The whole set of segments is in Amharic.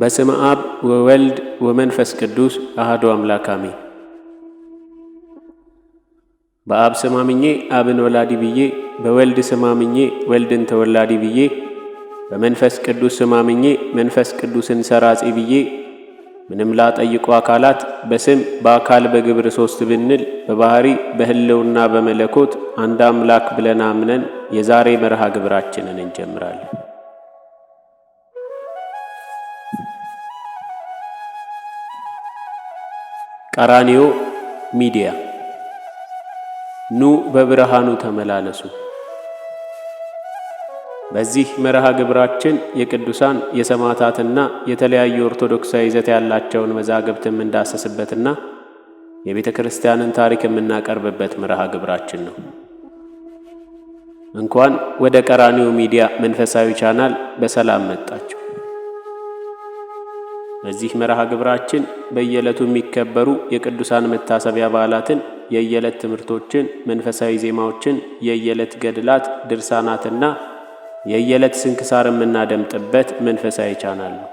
በስመ አብ ወወልድ ወመንፈስ ቅዱስ አህዶ አምላክ አሜን። በአብ ስም አምኜ አብን ወላዲ ብዬ፣ በወልድ ስም አምኜ ወልድን ተወላዲ ብዬ፣ በመንፈስ ቅዱስ ስም አምኜ መንፈስ ቅዱስን ሰራጺ ብዬ ምንም ላጠይቁ አካላት በስም በአካል በግብር ሶስት ብንል በባህሪ በሕልውና በመለኮት አንድ አምላክ ብለን አምነን የዛሬ መርሃ ግብራችንን እንጀምራለን። ቀራኒዮ ሚዲያ ኑ በብርሃኑ ተመላለሱ። በዚህ መርሃ ግብራችን የቅዱሳን የሰማዕታትና የተለያዩ ኦርቶዶክሳዊ ይዘት ያላቸውን መዛግብት የምንዳሰስበትና የቤተ ክርስቲያንን ታሪክ የምናቀርብበት መርሃ ግብራችን ነው። እንኳን ወደ ቀራኒዮ ሚዲያ መንፈሳዊ ቻናል በሰላም መጣችሁ። በዚህ መርሃ ግብራችን በየዕለቱ የሚከበሩ የቅዱሳን መታሰቢያ በዓላትን፣ የየዕለት ትምህርቶችን፣ መንፈሳዊ ዜማዎችን፣ የየዕለት ገድላት ድርሳናትና የየዕለት ስንክሳር የምናደምጥበት መንፈሳዊ ቻናል ነው።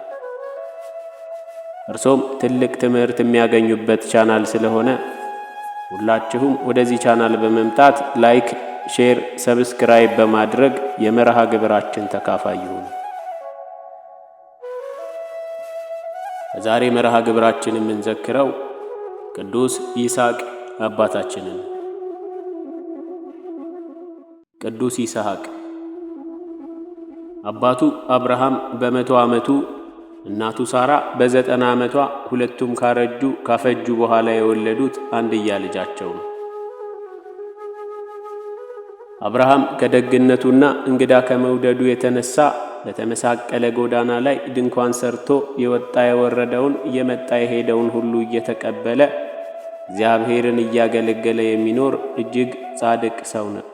እርሶም ትልቅ ትምህርት የሚያገኙበት ቻናል ስለሆነ ሁላችሁም ወደዚህ ቻናል በመምጣት ላይክ፣ ሼር፣ ሰብስክራይብ በማድረግ የመርሃ ግብራችን ተካፋይ ይሁኑ። በዛሬ መርሃ ግብራችን የምንዘክረው ቅዱስ ይስሐቅ አባታችንን። ቅዱስ ይስሐቅ አባቱ አብርሃም በመቶ ዓመቱ እናቱ ሳራ በዘጠና ዓመቷ ሁለቱም ካረጁ ካፈጁ በኋላ የወለዱት አንድያ ልጃቸው ነው። አብርሃም ከደግነቱና እንግዳ ከመውደዱ የተነሳ በተመሳቀለ ጎዳና ላይ ድንኳን ሰርቶ የወጣ የወረደውን የመጣ የሄደውን ሁሉ እየተቀበለ እግዚአብሔርን እያገለገለ የሚኖር እጅግ ጻድቅ ሰው ነው።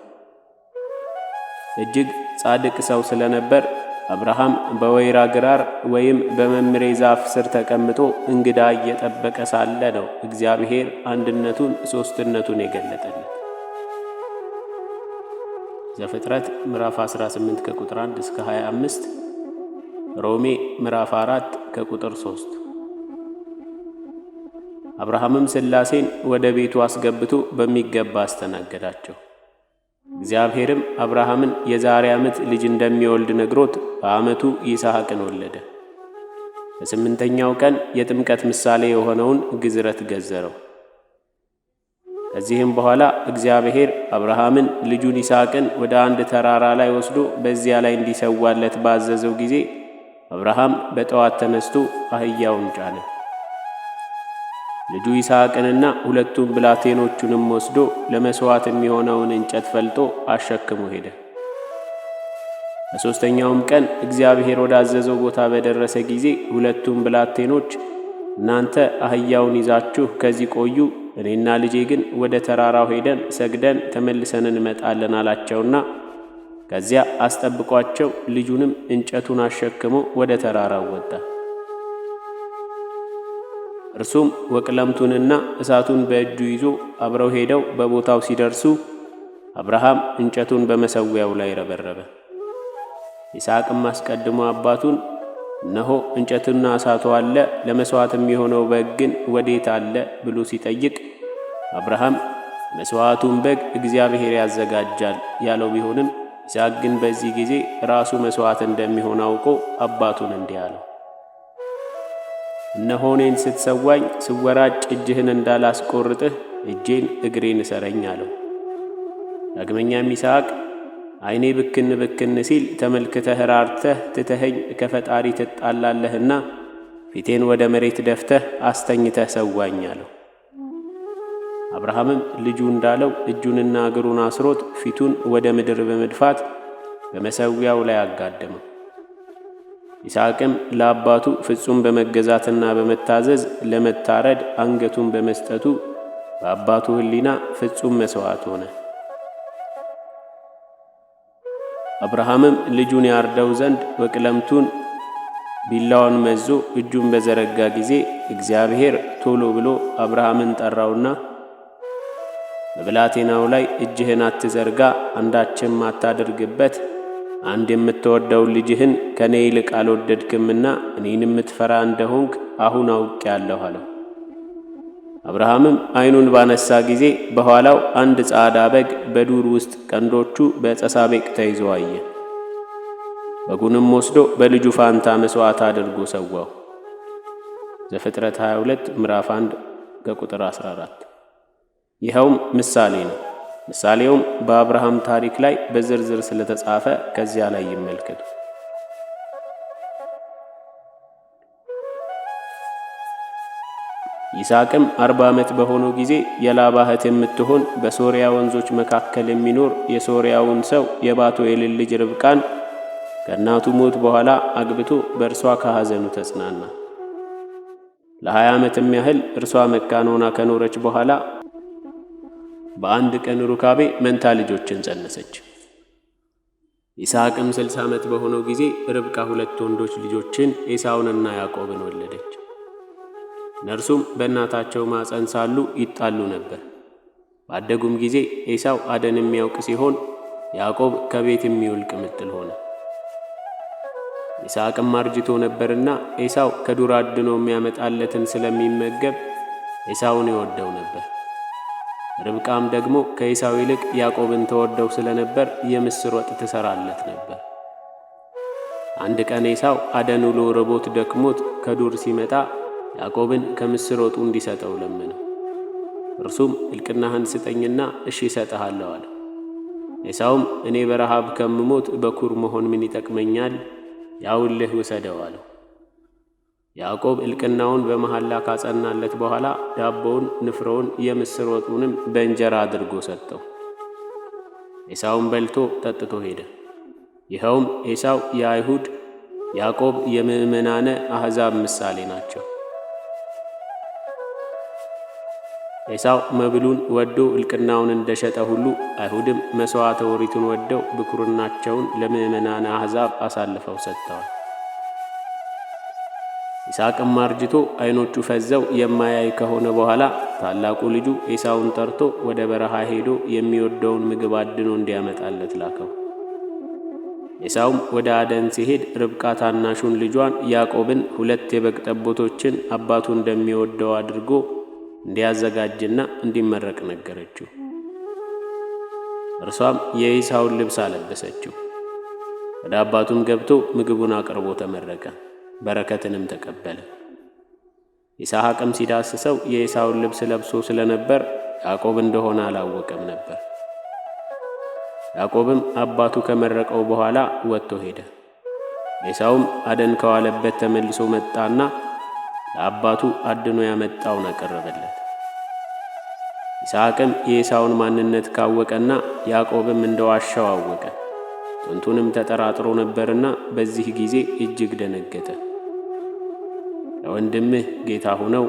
እጅግ ጻድቅ ሰው ስለነበር አብርሃም በወይራ ግራር ወይም በመምሬ ዛፍ ስር ተቀምጦ እንግዳ እየጠበቀ ሳለ ነው እግዚአብሔር አንድነቱን ሦስትነቱን የገለጠለት። ዘፍጥረት ምዕራፍ 18 ከቁጥር 1 እስከ 25፣ ሮሜ ምዕራፍ 4 ከቁጥር 3። አብርሃምም ሥላሴን ወደ ቤቱ አስገብቶ በሚገባ አስተናገዳቸው። እግዚአብሔርም አብርሃምን የዛሬ ዓመት ልጅ እንደሚወልድ ነግሮት በዓመቱ ይስሐቅን ወለደ። በስምንተኛው ቀን የጥምቀት ምሳሌ የሆነውን ግዝረት ገዘረው። ከዚህም በኋላ እግዚአብሔር አብርሃምን ልጁን ይስሐቅን ወደ አንድ ተራራ ላይ ወስዶ በዚያ ላይ እንዲሰዋለት ባዘዘው ጊዜ አብርሃም በጠዋት ተነስቶ አህያውን ጫነ። ልጁ ይስሐቅንና ሁለቱን ብላቴኖቹንም ወስዶ ለመሥዋዕት የሚሆነውን እንጨት ፈልጦ አሸክሞ ሄደ። በሦስተኛውም ቀን እግዚአብሔር ወዳዘዘው ቦታ በደረሰ ጊዜ ሁለቱም ብላቴኖች እናንተ አህያውን ይዛችሁ ከዚህ ቆዩ እኔና ልጄ ግን ወደ ተራራው ሄደን ሰግደን ተመልሰን እንመጣለን አላቸውና ከዚያ አስጠብቋቸው። ልጁንም እንጨቱን አሸክሞ ወደ ተራራው ወጣ። እርሱም ወቅለምቱንና እሳቱን በእጁ ይዞ አብረው ሄደው በቦታው ሲደርሱ አብርሃም እንጨቱን በመሠዊያው ላይ ረበረበ። ይስሐቅም አስቀድሞ አባቱን እነሆ እንጨቱና እሳቱ አለ፣ ለመሥዋዕት የሚሆነው በግ ግን ወዴት አለ ብሎ ሲጠይቅ አብርሃም መሥዋዕቱን በግ እግዚአብሔር ያዘጋጃል ያለው ቢሆንም ይስሐቅ ግን በዚህ ጊዜ ራሱ መሥዋዕት እንደሚሆን አውቆ አባቱን እንዲህ አለው፣ እነሆ እኔን ስትሰዋኝ ስወራጭ እጅህን እንዳላስቆርጥህ እጄን እግሬን እሰረኝ አለው። ዳግመኛም ይስሐቅ ዓይኔ ብክን ብክን ሲል ተመልክተህ ራርተህ ትተኸኝ ከፈጣሪ ትጣላለህና ፊቴን ወደ መሬት ደፍተህ አስተኝተህ ሰዋኝ አለው። አብርሃምም ልጁ እንዳለው እጁንና እግሩን አስሮት ፊቱን ወደ ምድር በመድፋት በመሠዊያው ላይ አጋደመው። ይስሐቅም ለአባቱ ፍጹም በመገዛትና በመታዘዝ ለመታረድ አንገቱን በመስጠቱ በአባቱ ሕሊና ፍጹም መሥዋዕት ሆነ። አብርሃምም ልጁን ያርደው ዘንድ በቅለምቱን ቢላውን መዞ እጁን በዘረጋ ጊዜ እግዚአብሔር ቶሎ ብሎ አብርሃምን ጠራውና በብላቴናው ላይ እጅህን አትዘርጋ፣ አንዳችም አታድርግበት። አንድ የምትወደውን ልጅህን ከእኔ ይልቅ አልወደድክምና እኔን የምትፈራ እንደሆንክ አሁን አውቄአለሁ አለው። አብርሃምም ዓይኑን ባነሳ ጊዜ በኋላው አንድ ጻዕዳ በግ በዱር ውስጥ ቀንዶቹ በጸሳቤቅ ተይዞ አየ። በጉንም ወስዶ በልጁ ፋንታ መሥዋዕት አድርጎ ሰዋው። ዘፍጥረት 22 ምዕራፍ 1 ከቁጥር 14። ይኸውም ምሳሌ ነው። ምሳሌውም በአብርሃም ታሪክ ላይ በዝርዝር ስለተጻፈ ከዚያ ላይ ይመልከቱ። ይስሐቅም አርባ ዓመት በሆነው ጊዜ የላባህት የምትሆን በሶርያ ወንዞች መካከል የሚኖር የሶርያውን ሰው የባቱኤልን ልጅ ርብቃን ከእናቱ ሞት በኋላ አግብቶ በእርሷ ከሐዘኑ ተጽናና። ለሀያ ዓመትም ያህል እርሷ መካን ሆና ከኖረች በኋላ በአንድ ቀን ሩካቤ መንታ ልጆችን ጸነሰች። ይስሐቅም ስልሳ ዓመት በሆነው ጊዜ ርብቃ ሁለት ወንዶች ልጆችን ኤሳውንና ያዕቆብን ወለደች። እነርሱም በእናታቸው ማፀን ሳሉ ይጣሉ ነበር። ባደጉም ጊዜ ኤሳው አደን የሚያውቅ ሲሆን ያዕቆብ ከቤት የሚውልቅ ምጥል ሆነ። ይስሐቅም አርጅቶ ነበርና ኤሳው ከዱር አድኖ የሚያመጣለትን ስለሚመገብ ኤሳውን ይወደው ነበር። ርብቃም ደግሞ ከኤሳው ይልቅ ያዕቆብን ተወደው ስለነበር የምስር ወጥ ትሰራለት ነበር። አንድ ቀን ኤሳው አደን ውሎ ርቦት ደክሞት ከዱር ሲመጣ ያዕቆብን ከምስር ወጡ እንዲሰጠው ለመነው። እርሱም እልቅናህን ስጠኝና እሺ እሰጥሃለሁ አለ። ኤሳውም እኔ በረሃብ ከምሞት በኩር መሆን ምን ይጠቅመኛል? ያውልህ ውሰደው አለው። ያዕቆብ እልቅናውን በመሐላ ካጸናለት በኋላ ዳቦውን፣ ንፍሮውን፣ የምስር ወጡንም በእንጀራ አድርጎ ሰጠው። ኤሳውም በልቶ ጠጥቶ ሄደ። ይኸውም ኤሳው የአይሁድ ያዕቆብ የምዕመናነ አሕዛብ ምሳሌ ናቸው። ኤሳው መብሉን ወዶ እልቅናውን እንደሸጠ ሁሉ አይሁድም መሥዋዕተ ኦሪቱን ወደው ብኩርናቸውን ለምዕመናን አሕዛብ አሳልፈው ሰጥተዋል። ይስሐቅም አርጅቶ ዐይኖቹ ፈዘው የማያይ ከሆነ በኋላ ታላቁ ልጁ ኤሳውን ጠርቶ ወደ በረሃ ሄዶ የሚወደውን ምግብ አድኖ እንዲያመጣለት ላከው። ኤሳውም ወደ አደን ሲሄድ ርብቃ ታናሹን ልጇን ያዕቆብን ሁለት የበግ ጠቦቶችን አባቱ እንደሚወደው አድርጎ እንዲያዘጋጅና እንዲመረቅ ነገረችው። እርሷም የኢሳውን ልብስ አለበሰችው። ወደ አባቱም ገብቶ ምግቡን አቅርቦ ተመረቀ፣ በረከትንም ተቀበለ። ይስሐቅም ሲዳስሰው የኢሳውን ልብስ ለብሶ ስለነበር ያዕቆብ እንደሆነ አላወቀም ነበር። ያዕቆብም አባቱ ከመረቀው በኋላ ወጥቶ ሄደ። ኢሳውም አደን ከዋለበት ተመልሶ መጣና ለአባቱ አድኖ ያመጣውን አቀረበለት። ይስሐቅም የኤሳውን ማንነት ካወቀና ያዕቆብም እንደ ዋሻው አወቀ። ጥንቱንም ተጠራጥሮ ነበርና በዚህ ጊዜ እጅግ ደነገጠ። ለወንድምህ ጌታ ሁነው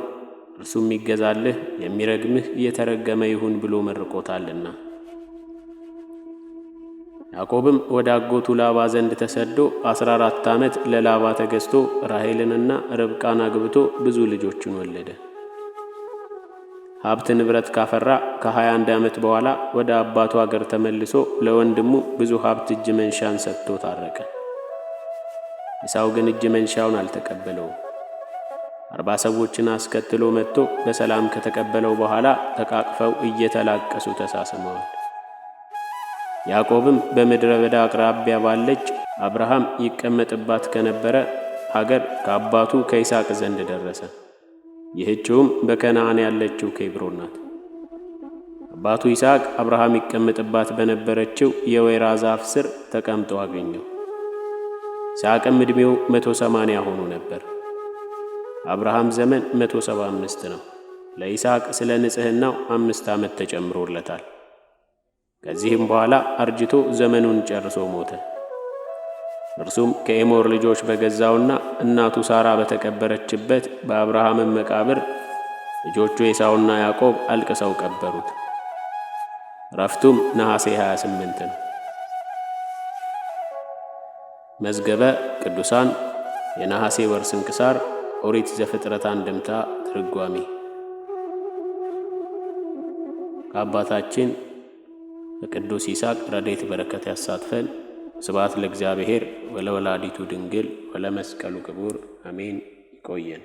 እርሱም ይገዛልህ የሚረግምህ እየተረገመ ይሁን ብሎ መርቆታልና ያዕቆብም ወደ አጎቱ ላባ ዘንድ ተሰዶ አስራ አራት ዓመት ለላባ ተገዝቶ ራሄልንና ርብቃን አግብቶ ብዙ ልጆችን ወለደ። ሀብት ንብረት ካፈራ ከ21 ዓመት በኋላ ወደ አባቱ አገር ተመልሶ ለወንድሙ ብዙ ሀብት እጅ መንሻን ሰጥቶ ታረቀ። ኢሳው ግን እጅ መንሻውን አልተቀበለውም። አርባ ሰዎችን አስከትሎ መጥቶ በሰላም ከተቀበለው በኋላ ተቃቅፈው እየተላቀሱ ተሳስመዋል። ያዕቆብም በምድረ በዳ አቅራቢያ ባለች አብርሃም ይቀመጥባት ከነበረ ሀገር ከአባቱ ከይስሐቅ ዘንድ ደረሰ። ይህችውም በከነዓን ያለችው ኬብሮን ናት። አባቱ ይስሐቅ አብርሃም ይቀመጥባት በነበረችው የወይራ ዛፍ ስር ተቀምጦ አገኘው። ይስሐቅም ዕድሜው መቶ ሰማንያ ሆኖ ነበር። አብርሃም ዘመን መቶ ሰባ አምስት ነው። ለይስሐቅ ስለ ንጽሕናው አምስት ዓመት ተጨምሮለታል። ከዚህም በኋላ አርጅቶ ዘመኑን ጨርሶ ሞተ። እርሱም ከኤሞር ልጆች በገዛውና እናቱ ሳራ በተቀበረችበት በአብርሃምን መቃብር ልጆቹ ኤሳውና ያዕቆብ አልቅሰው ቀበሩት። ረፍቱም ነሐሴ 28 ነው። መዝገበ ቅዱሳን የነሐሴ ወር ስንክሳር ኦሪት ዘፍጥረት አንድምታ ትርጓሜ ከአባታችን በቅዱስ ይስሐቅ ረድኤት በረከት ያሳትፈን። ስብሐት ለእግዚአብሔር ወለወላዲቱ ድንግል ወለመስቀሉ ክቡር አሜን። ይቆየን።